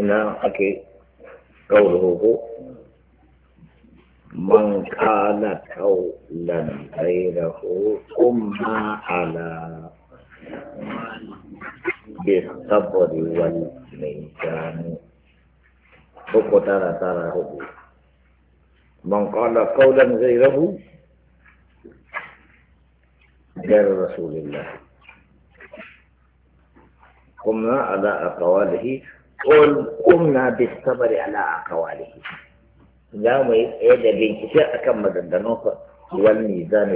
هنا أكي قوله هو من كان قولا غيره ثم على بالصبر والميزان فوق ترى ترى هو من قال قولا غيره غير رسول الله قمنا على أقواله قل قمنا بالصبر على أقواله za mu yi tsaye da bincike akan maganganunsa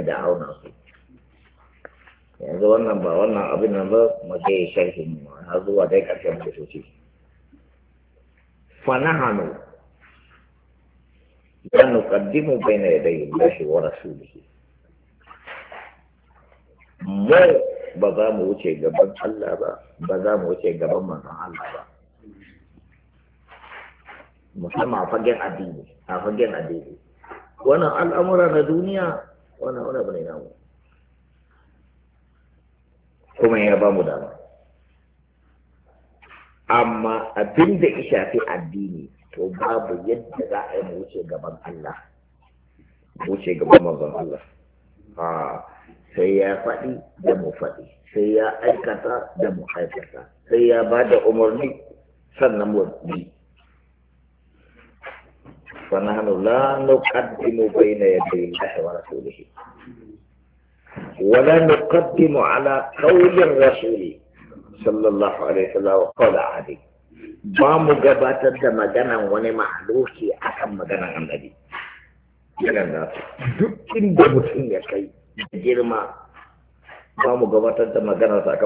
da auna فيه yanzu wannan ba wannan abin nan ba mu je sharhin har zuwa dai karshen kusurci fanahanu la nuqaddimu bayna yaday Allah wa rasulih mu ba za mu wuce gaban Allah ba ba za mu wuce gaban manzon Allah ba musamman a fagen addini a fagen addini wannan al'amura na duniya wannan wani abu ne namu kuma ya ba mu dama amma abin da ya shafi addini to babu yadda za a yi mu wuce gaban Allah wuce gaban manzon Allah sai ya faɗi da mu faɗi sai ya aikata da mu aikata sai ya ba da umarni sannan mu bi فنحن لا نقدم بين يدي الله ورسوله ولا نقدم على قول الرسول صلى الله عليه وسلم وقال عليه ba mu gabatar da maganan wani mahaloki a kan maganan annabi irin da duk inda mutum ya kai da girma ba mu gabatar da maganar sa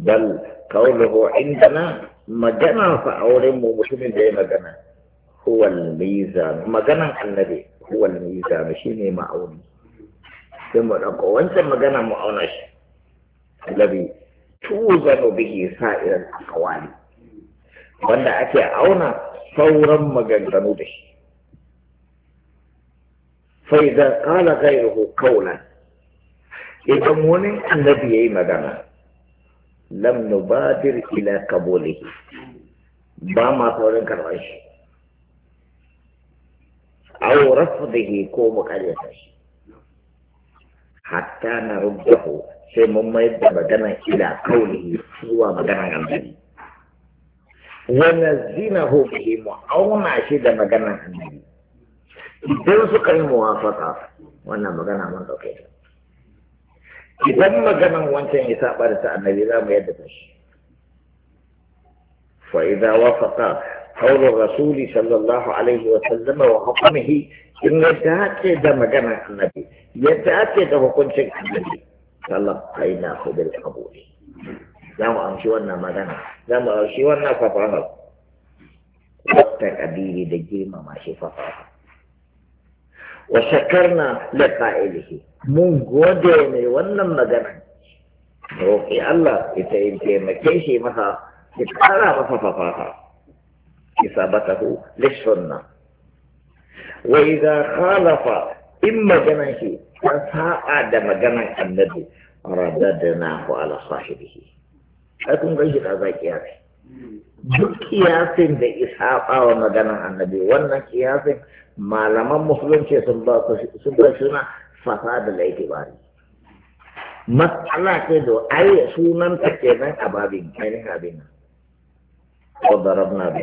bal kauluhu indana magana fa auren mu mutumin da ya magana huwal mizan maganan annabi huwal mizan shine ma'auni sai mu dauko wancan magana mu auna shi alladhi tuzanu bihi sa'iran aqwali wanda ake auna sauran maganganu da shi fa idan qala ghayruhu qawlan idan wani annabi yayi magana lam nubadir ila kabulihi ba ma saurin karɓar shi da ke ko mu karyata shi hatta na rubdahu sai mun mayar da magana ila kaulihi zuwa magana annabi wannan zina bihi mu auna shi da maganan annabi idan suka yi muwafaka wannan magana mun dauke ta idan maganan wancan ya saba da ta annabi za mu yadda ta shi fa idza wafaqa qawl sallallahu alaihi wa sallam wa hukmihi in ya dace da maganan annabi ya dace da hukuncin annabi sallallahu aina hu bil qabuli za mu amshi wannan magana za mu amshi wannan da girmama وشكرنا لقائله من غودين ونم مغنى روحي الله يتعين مكيشي مها يتعالى مصففاها إصابته للسنة وإذا خالف إما فساء فساعد مجنى النبي رددناه على صاحبه أكون غير هذا كياسي duk kiyasin da isa wa maganan annabi wannan kiyasin malaman musulunci sun ba suna fasa da laitibari matsala ce da ai sunan ta kenan a babin ainihin abin wa darabna za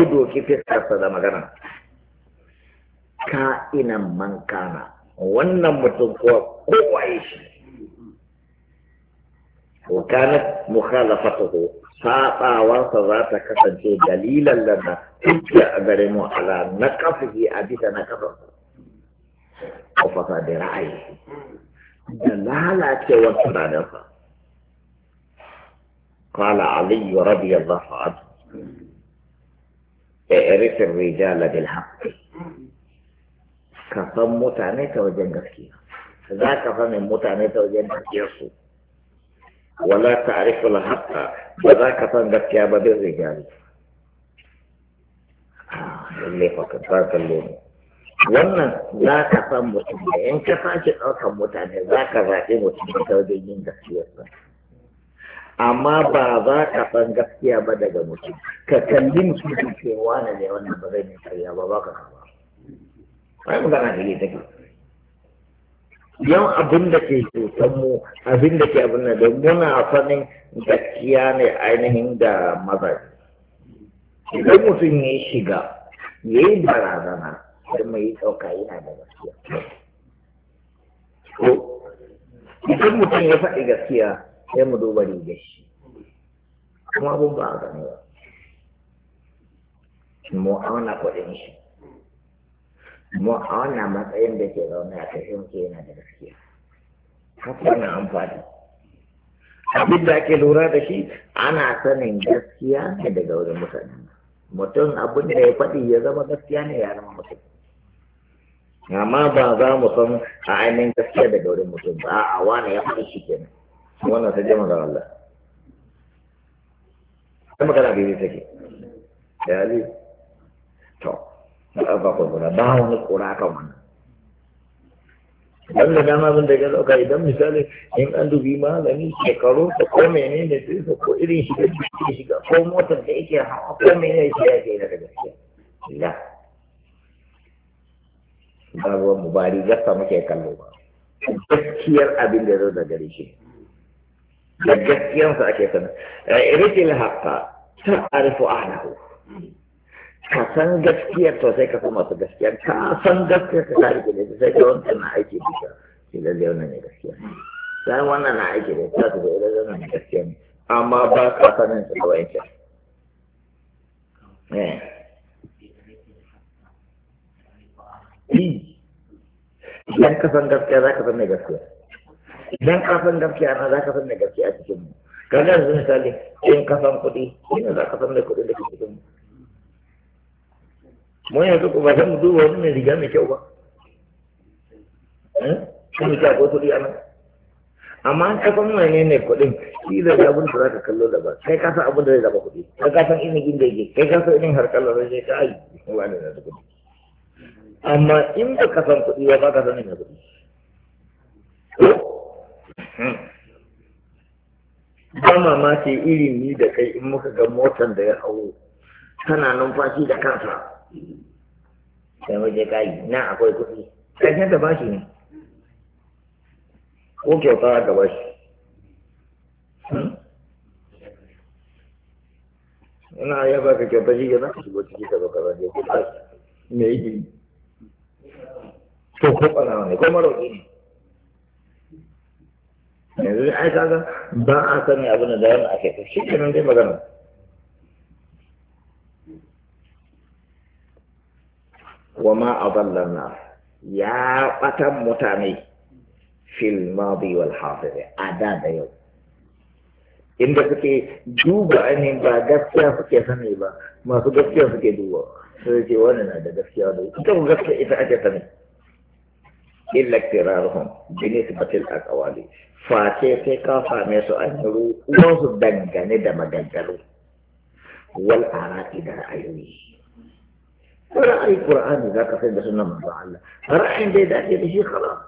mu doki fiskarsa da magana ka'inan man kana wannan mutum kowa kowa shi وكانت مخالفته ساطا ذاتك كفن دليلا لنا تبقى أدرم على نقفه أبيت نقفه وفساد رأيه دلالة وانتظرت قال علي رضي الله عنه اعرف الرجال بالحق كفم متانيت وجنك فيها ذاك فم متانيت وجنك فيها Wala gaskiya ba الحق فذاك فانك يا بدر الرجال ka فقط ذاك اللون wannan za ka san mutum da in ka sake daukan mutane za ka zaɓi mutum da ta wajen yin ba amma ba za ka san gaskiya ba daga mutum ka kalli mutum da ke wane ne wannan ba zai yi karya ba ba ka kama ai magana da ke yau abin da ke mu abin da ke abin da muna sanin gaskiya ne ainihin da mazaji idan mutum ya shiga ya yi barazana sai mai ɗauka yana da gaskiya ko idan mutum ya faɗi gaskiya sai mu duba riga shi kuma abin ba a gani ba mu auna kuɗin shi mu a wannan matsayin da ke zaune a kashin ke yana da gaskiya haka na amfani abin da ake lura da shi ana sanin gaskiya ne daga wurin mutane mutum abin da ya faɗi ya zama gaskiya ne ya zama mutum amma ba za mu san a ainihin gaskiya daga wurin mutum ba a wani ya faɗi shi kenan wannan ta jama da Allah. Ta magana bai take. Da Aliyu. ba ku kura ba wani kura kan wannan dan da dama abin da ya dauka idan misali in an dubi malami shekaru ta ko menene ne su ko irin shiga cikin shiga ko motar da yake hawa ko menene shi ya ke yi da gaskiya la babu mu ba rigarsa muke kallo ba gaskiyar abin da ya zo da gare shi da gaskiyarsa ake sana eh, rikil haqqa ta'arifu ahlahu ka san gaskiyar to sai ka san masu gaskiyar ka san gaskiyar ka tare da sai ka wancan na aiki da ita sai lalle wannan ne gaskiya sai wannan na aiki da ita sai lalle wannan ne gaskiya ne amma ba ka sanin su kawai ta idan ka san gaskiya za ka san mai gaskiya idan ka san gaskiya na za ka san mai gaskiya a cikin mu kaga yanzu misali in ka san kuɗi shine za ka san mai kuɗi da ke cikin mu mu yanzu ku ba san mu duba wani mai riga mai kyau ba kan mu ko kuɗi a nan amma an kafa wane ne kuɗin shi da abin da za ka kallo da ba kai ka san abin da zai zaba kuɗi kai ka san inigin da yake kai ka san irin harkar da zai ka yi wani da kuɗi amma in ba ka san kuɗi ba ka san ina kuɗi hmm. ba mamaki irin ni da kai in muka ga motar da ya hau tana numfashi da kansa sai waje kayi na akwai kuɗi ƙarshen ta bashi ne ko kyauta ta bashi hmm? ina ya ka kyauta shi na? shi wata shi gaba ba ne ko bashi me yi to ko ɓana ne ko maroƙi ne yanzu ai kaga ba a sani abin da yawan ake to shi kenan dai magana wama ma adallana ya batan mutane fil madi wal hadir a da da yau inda suke duba ainihin ba gaskiya suke sani ba masu gaskiya suke duba sai ce wani na da gaskiya da ita ku gaskiya ita ake sani illa kirarhum binis batil aqwali ce sai ka same su an yi ruwan su dangane da maganganu wal araki da ra'ayoyi رأي قرآن إذا كفين بس إنما رأى الله رأي دي ذات يبشي خلاص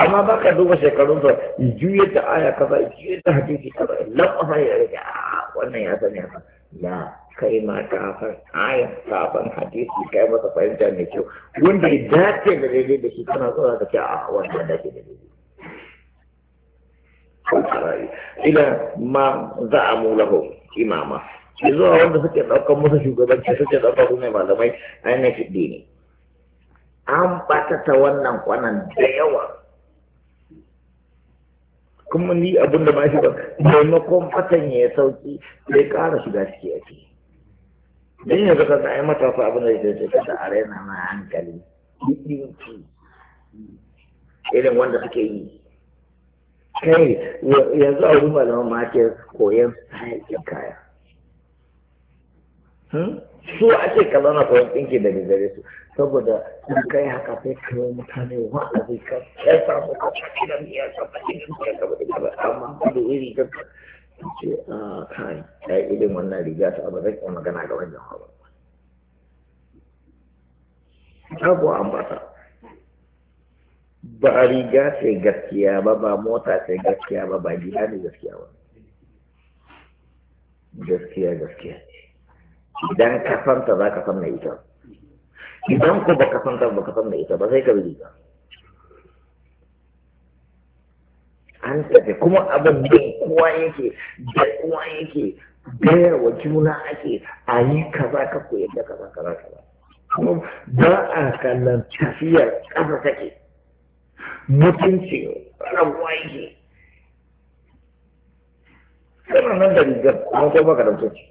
أما بقى دوما سيقولون فرق الجوية آية كفا الجوية حديث كفا لو أفعي عليك آه وانا يا سنيا لا كيما كافر آية كافا حديث كيما تفعين جاني شو وان دي ذات يبشي بشي كنا قولا كفا آه وانا يا سنيا إلى ما زعموا لهم إماما zuwa wanda suke ɗaukar musu shugabanci suke ɗaukar su ne malamai ainihin ne an batata wannan kwanan da yawa kuma ni abin da ba shi ba maimakon fatan ya sauki sai ƙara shiga ciki ciki don yanzu ka ga ai matasa abin da ya ce ta arena na hankali ɗinki irin wanda suke yi kai yanzu a wurin malaman ma ke koyon sayan kaya Hmm? su ake kallon na koyon ɗinki daga gare su saboda in kai haka sai ka yi mutane wa wa'azi ka Ya samu ka saki da miya ka saki da miya ka bada kaba amma da iri ka ce a ah, kai ya yi irin wannan riga ta abu zan iya magana ga wannan hawa abu an bata ba riga sai gaskiya ba ba mota sai gaskiya ba ba gida ne gaskiya ba gaskiya gaskiya idan ka san za ka san ita idan ko ba ka ta ba ka san ita ba sai ka bi ta an tafi kuma abin da kowa yake da kowa yake gaya wa juna ake a yi kaza ka koya da kaza kaza kaza kuma ba a kallon tafiyar ƙasa take mutunci rabuwa yake kana nan da rigar kuma ko baka da mutunci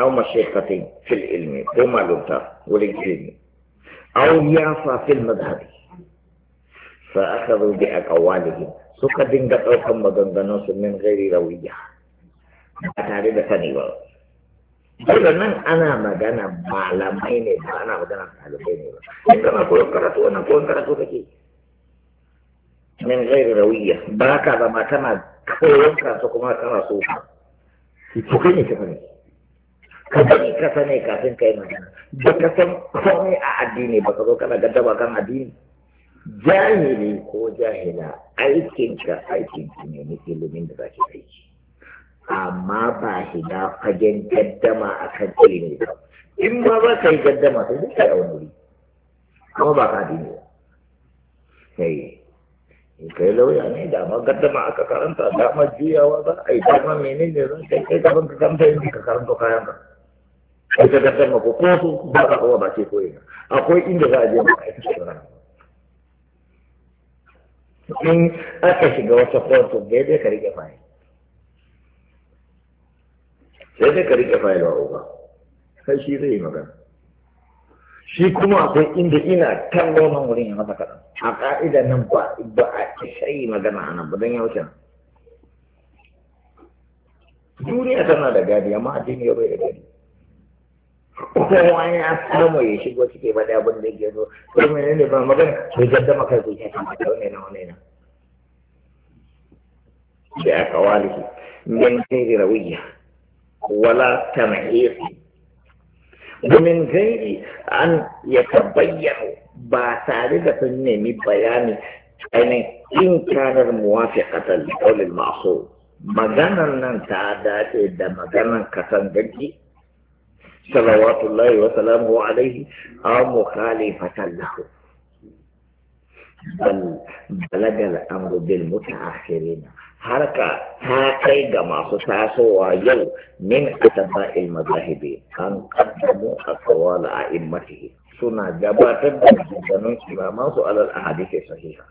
او مشيختين في العلم هما لوتر والانجليزي او يافا في المذهب فاخذوا باقوالهم سكتين قطعوهم بدندنوس من غير رويه أتاري بثاني بقى بقول من أنا ما جانا معلميني ما أنا ما جانا معلميني بقى إنت ما كل كرتو أنا كل كرتو بقى من غير روية بقى كذا ما كنا كل كرتو كما كنا سوحا يتوقيني كفاني ka bari ka sani kafin kai magana ba ka san komai a addini ba ka zo kana gaddaba kan addini jahili ko jahila aikinka aikinki ne na ilimin da zaki aiki amma ba shiga fagen gaddama a kan ilimi ba in ma ba ka yi gaddama sai duk kai a wani wuri kuma ba ka addini ba sai in kai lauya ne da ma gaddama aka karanta da ma juyawa ba a yi dama menene zan kai kai gaban ka kan fahimci ka karanta kayan ka ita ta san mako ko su ba a kowa ba ce ko ina akwai inda za a je ba aiki shawara in aka shiga wata kotu da dai ka rike fayil sai dai ka rike fayil wa uba sai shi zai yi magana shi kuma akwai inda ina kallo nan wurin ya masa kaɗan a ƙa'idar nan ba ba a isa yi magana a nan ba don yaushe wuce duniya tana da gadi amma addini ya bai da gadi kowa ya samu ya shigo cike ba da abin da yake so to mene ne ba magana bai gadda maka zuciya kan ta wani na wani na da aka walihi min gairi rawiya wala tamhisi domin gairi an ya tabayyana ba tare da sun nemi bayani ainihin in kanar muwafiqatan li qawlil ma'sum maganan nan ta dace da maganan kasan gaji صلوات الله وسلامه عليه أو مخالفة له بل بلغ الأمر بالمتأخرين حركة هاكي جماعة تاسوا يو من أتباع المذاهب أن قدموا أقوال أئمته سنة جبات الدين إمامه على الأحاديث الصحيحة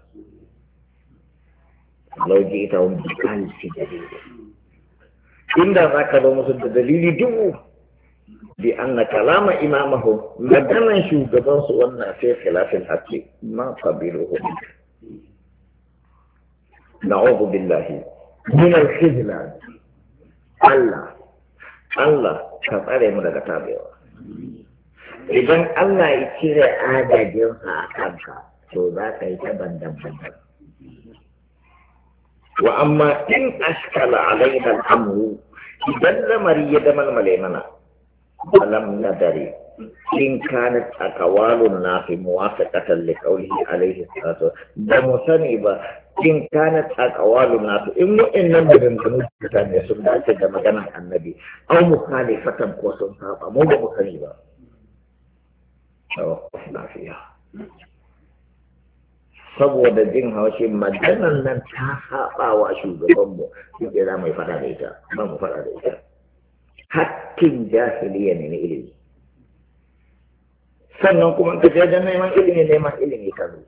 لو جئتهم بألف دليل إن ذاك لهم دليل دوه bi anna kalama imamahu maganan shugaban su wannan sai khilafin hakki ma qabiluhu na'udhu billahi min al-khizlan Allah Allah ka tsare mu daga tabewa idan Allah ya cire adadin a kanka to za ka yi ta bandan bandan wa amma in ashkala alaina al-amru idan lamari ya damalmale mana ولم ندري إن كانت أقوال الناس موافقة لقوله عليه الصلاة والسلام مسنبة إن كانت أقوال الناس إن إن من كان يسمع كما كان النبي أو مخالفة قوسم صعبة مو مسنبة توقفنا فيها saboda jin haushin maganan nan ta haɓa wa shugabanmu duk da za mu yi fada da ita ba mu fada da ita hakkin jahiliya ne na ilimi sannan kuma ka je wajen neman ilimi neman ilimi ka zo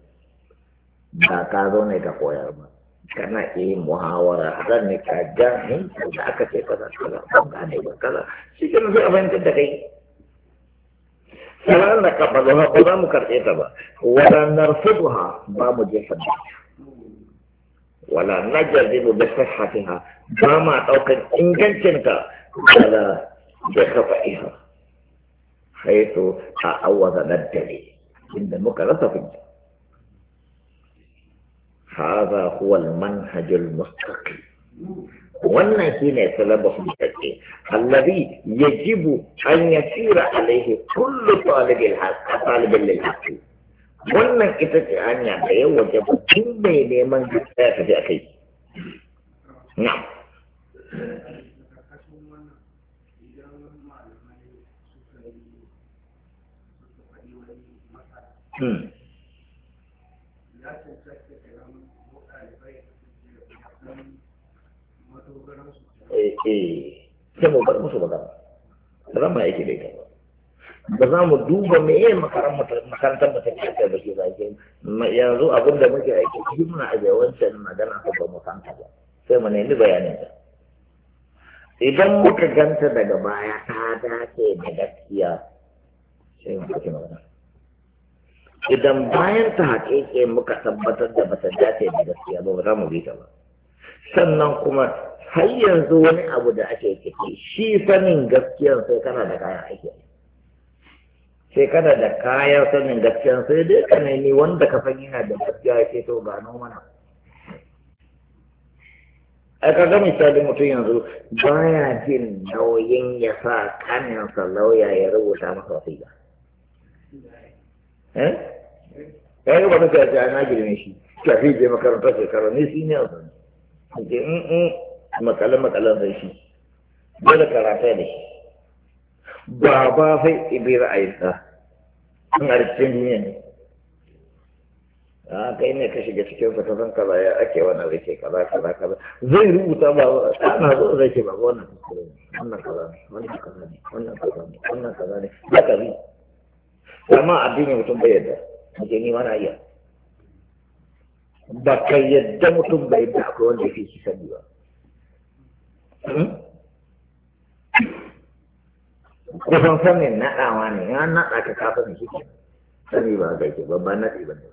ba ka zo ne ka koyar ba kana iya muhawara zan ne ka jahil da aka ce kaza kaza ban gane ba kaza shi ke nufi a fahimtar da kai sanar da kafa zama ko za mu karɓe ta ba waɗannan fuduha ba mu je da wala na jazibu da sahafiha ba ma ɗaukar ingancinta بلا بقطعها حيث تعوض بدلي إن المكر هذا هو المنهج المستقيم وانا هنا سلبه المستقيم الذي يجب أن يسير عليه كل طالب الحق طالب للحق وانا كتك أن يعطيه وجب كل من يمنجد في أخي نعم Hmm. Eh, eh. sai mu bar musu magana ba zan ba yake da ita ba za mu duba me ya makarantar mu ta kyauta da ke zage yanzu abin da muke aiki shi muna ajiye wancan magana ko ba mu san ba sai mu nemi bayanin ta idan muka ganta daga baya ta dace da gaskiya sai mu ɗauki magana idan bayan ta haƙiƙe muka tabbatar da bata dace da gaskiya ba za mu bi ta ba sannan kuma har yanzu wani abu da ake ciki shi sanin gaskiyan sai kana da kayan aiki sai kana da kayan sanin gaskiyan sai dai ka nemi wanda ka san yana da gaskiya ya ce to gano mana a kaga misali mutum yanzu baya jin nauyin ya sa kaninsa lauya ya rubuta masa wasiƙa eh ya yi wani ta a na girme shi kafin makaranta makarantar shekaru ne mm, mm, shi ne a zan ke in in makalan makalan da shi dole karata da shi ba ba sai ibi ra'ayinsa an arzikin duniya ne a ah, kai ne ka shiga cikin sa kasan kaza ya ake wannan rike kaza kaza kaza zai rubuta ba ana zo zai ce ba wannan kuskure ne wannan kaza ne wannan kaza ne wannan kaza ne wannan kaza ne haka zai amma addinin mutum bai yadda nake ni mana iya ba ka yadda mutum bai da akwai wanda yake shi sani ba hmm? kusan sanin naɗawa ne ya naɗa ka kafa ne shi sani ba ga ke babban naɗi ba ne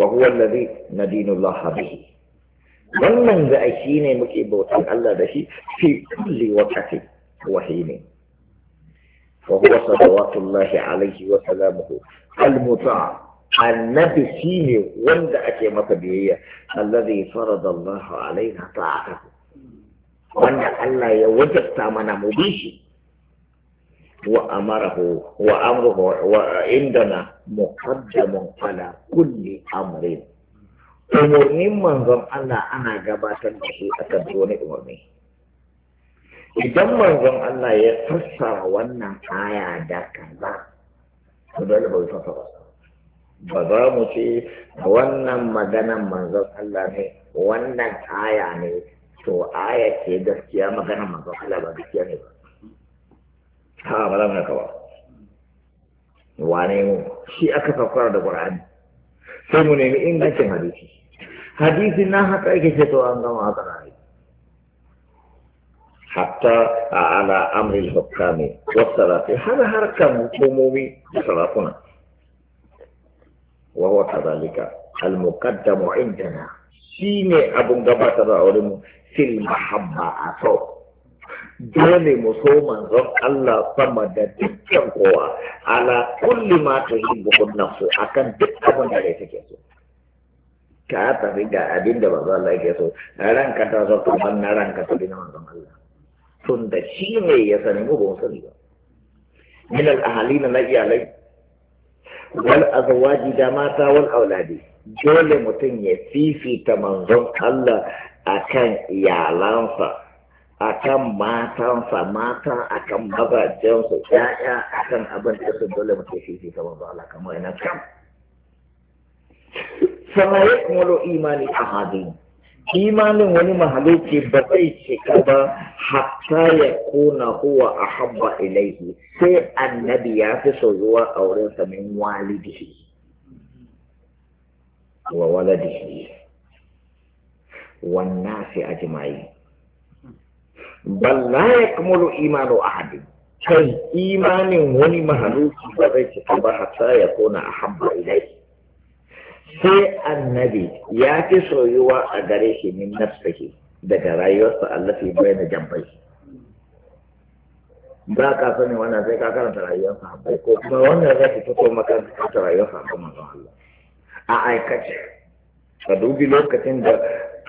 wa huwa alladhi nadinu Allah bihi wannan da shi ne muke bautan Allah da shi fi kulli waqti wa hini وهو صلوات الله عليه وسلامه المطاع النبي فيه وند أكيمة بيه الذي فرض الله علينا طاعته وأن الله يوجد تامنا مبيشي وأمره وأمره وعندنا مقدم على كل أمر أمرني من ضمن أنا أنا قباتا به أكدوني أمرني idan manzon Allah ya fassara wannan aya da kaza to dole bai fassara ba za mu ce wannan maganan manzon Allah ne wannan aya ne to aya ce gaskiya maganan manzon Allah ba gaskiya ne ba ha ba za mu haka kawa. wane mu shi aka saukar da Qur'ani sai mu nemi ingancin hadisi hadisi na haka yake ce to an gama haka na hatta a ala amril hukami wasarafi har harkan hukumomi da sarakuna wa huwa kadhalika al muqaddamu indana shine abun gabata a wurin mu fil a aso dole mu so manzon Allah sama da dukkan kowa ala kulli ma tuhibbu nafsu akan duk abun da rai take so ka tafi da abin da manzon Allah yake so ranka ta so kamar na ranka ta bi na manzon Allah Tunda shi ne ya sani mu ba sani ba min al-ahalina na iyalai wal azwaji da mata wal auladi dole mutum ya fifita manzon Allah akan iyalansa akan matansa mata akan mazajensu ya'ya akan abin da su dole mutum ya fifita manzon Allah kamar yana kam sama yakmulu imani ahadin imanin wani mahaluki ba zai cika ba hatta ya kuna huwa a habba ilaihi sai annabi ya fi so soyuwa a wurinsa min walidihi wa waladihi wannan sai ajma'i bal la yakmulu imanu ahadin kai imanin wani mahaluki ba zai cika ba hatta ya kuna a habba ilaihi sai annabi ya fi soyuwa a gare shi min nafsihi daga rayuwarsa Allah allafi bai na jambai ba ka sani wannan sai ka karanta rayuwarsa. sahabbai ko kuma wannan zai fito ko maka karanta rayuwarsa a manzon Allah a aikace ka dubi lokacin da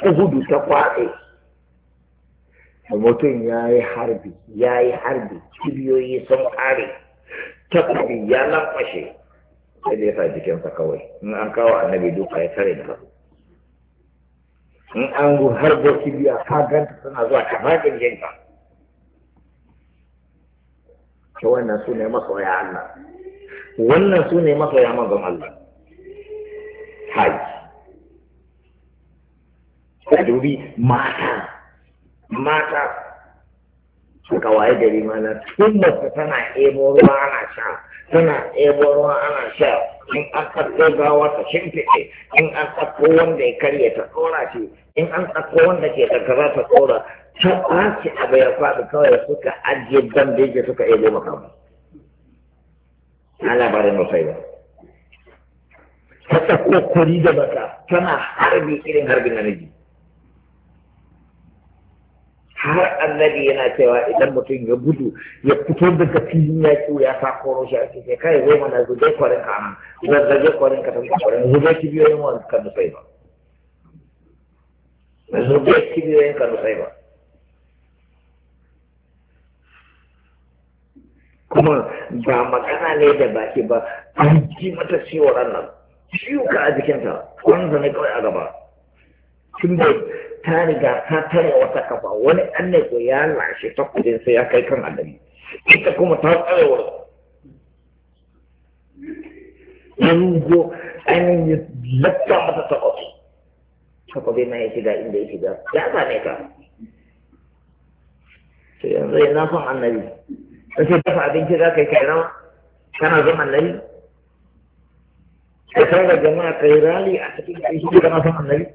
uhudu ta kwaɗe mutum ya yi harbi ya yi harbi Cibiyoyi sun ƙare takobi ya lafashe sai dai sa jikinsa kawai in an kawo annabi duka ya tare da kasu in an har goki biya ka ganta suna zuwa ta magin yanka ta wannan su ne masoya Allah wannan su ne masoya manzon Allah haji ka dubi mata mata suka waye gari ma na tun tana ebo ruwa ana sha tana ebo ruwa ana sha in an ɗauko gawa ta shimfiɗe in an ɗauko wanda ya karya ta tsora shi in an ɗauko wanda ke karkara ta tsora ta ɓaci abu ya faɗi kawai suka ajiye bandeji suka ebo makamu ana labarin masai ba ta ɗauko kuri da baka tana harbi irin harbin namiji har annabi yana cewa idan mutum ya gudu ya fito daga filin ya ciwo ya sa koro shi ake ce kai zai mana zuje kwarin ka nan zazzage kwarin ka tafi kwarin zuje kibiyoyin wa ka nufai ba zuje kibiyoyin ka nufai ba kuma ba magana ne da baki ba an ji mata ciwon nan ciwo ka a jikinta wanda ne kawai a gaba tun da ta riga ta tare wata kafa wani ɗan ne ko ya lashe ta kudin sai ya kai kan adami ita kuma ta tsare wurin an zo an yi latta mata ta kwafi ta kwafi na ya shiga inda ya shiga ya same ta to yanzu ya na son annabi sai sai dafa abinci za ka yi kai rawa kana zama annabi ka sauran jama'a kai rali a cikin aiki kana son annabi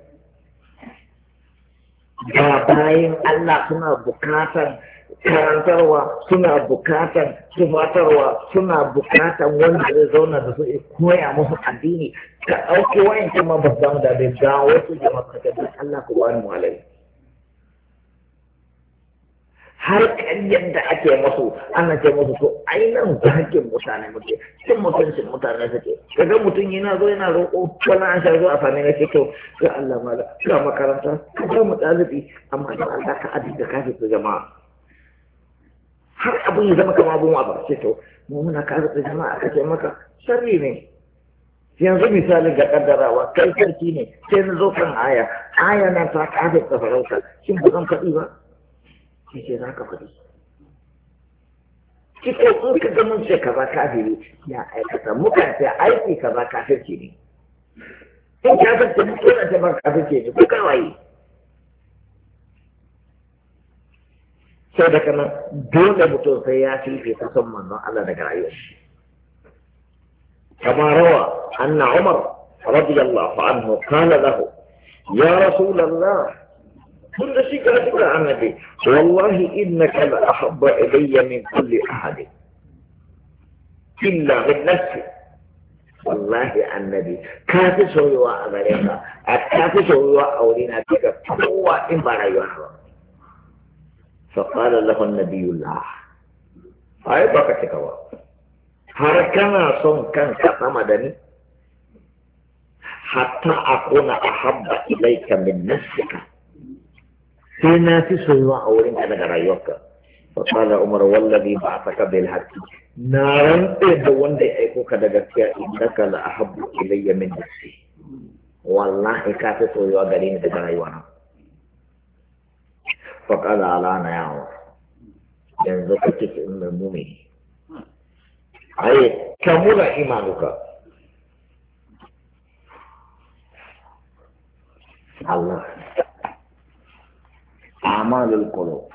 da bayan Allah suna bukatar karantarwa suna bukatar tufatarwa suna bukatar wanda zai zauna da su ya koya musu addini ka ɗauki wayan kuma babban da bai ga wasu jama'a ka Allah ku wani malai. har ƙaryar yadda ake musu ana ce musu to ainihin zakin mutane muke cikin mutuncin mutane suke kaga mutum yana zo yana roƙo wani an sha zo a sami na to ga Allah mala ga makaranta ka ga mu ɗalibi amma da Allah ka adi da kafi su jama'a har abin ya zama kama abin wa ce to mu muna kafi su jama'a ka ce maka sharri ne yanzu misali ga kaddarawa kai sarki ne sai na zo kan aya aya na ta kafi ta farauta shin ba zan faɗi ba yace za ka faɗi kiko in ka ga mun ce kaza kafiri ya aikata muka ce aiki ka kaza kafirci ne in ka san ta mutu na ta ba kafirci ne ko kawai sai da kana dole mutum sai ya fi fifita son manzon Allah daga rayuwar shi كما روى أن Umar رضي الله عنه قال ya rasu رسول كل شيء كاتب عملي والله إنك لأحب إلي من كل أحد إلا من نفسي والله النبي كاتب سويوا أمريكا كاتب سويوا أولينا تلك هو إن فقال له النبي الله أي بكتك هركنا صن كان كتمدني حتى أكون أحب إليك من نفسك sai na fi soyuwa a wurin ka daga rayuwarka فقال عمر والذي بعثك بالحق نارا da wanda ya aiko ka da gaskiya innaka la ahabbu ilayya min nafsi wallahi ka fi soyuwa gare ni daga rayuwana فقال على انا na عمر yanzu ka kike mai mumi ai kamula imanuka Allah amalul qulub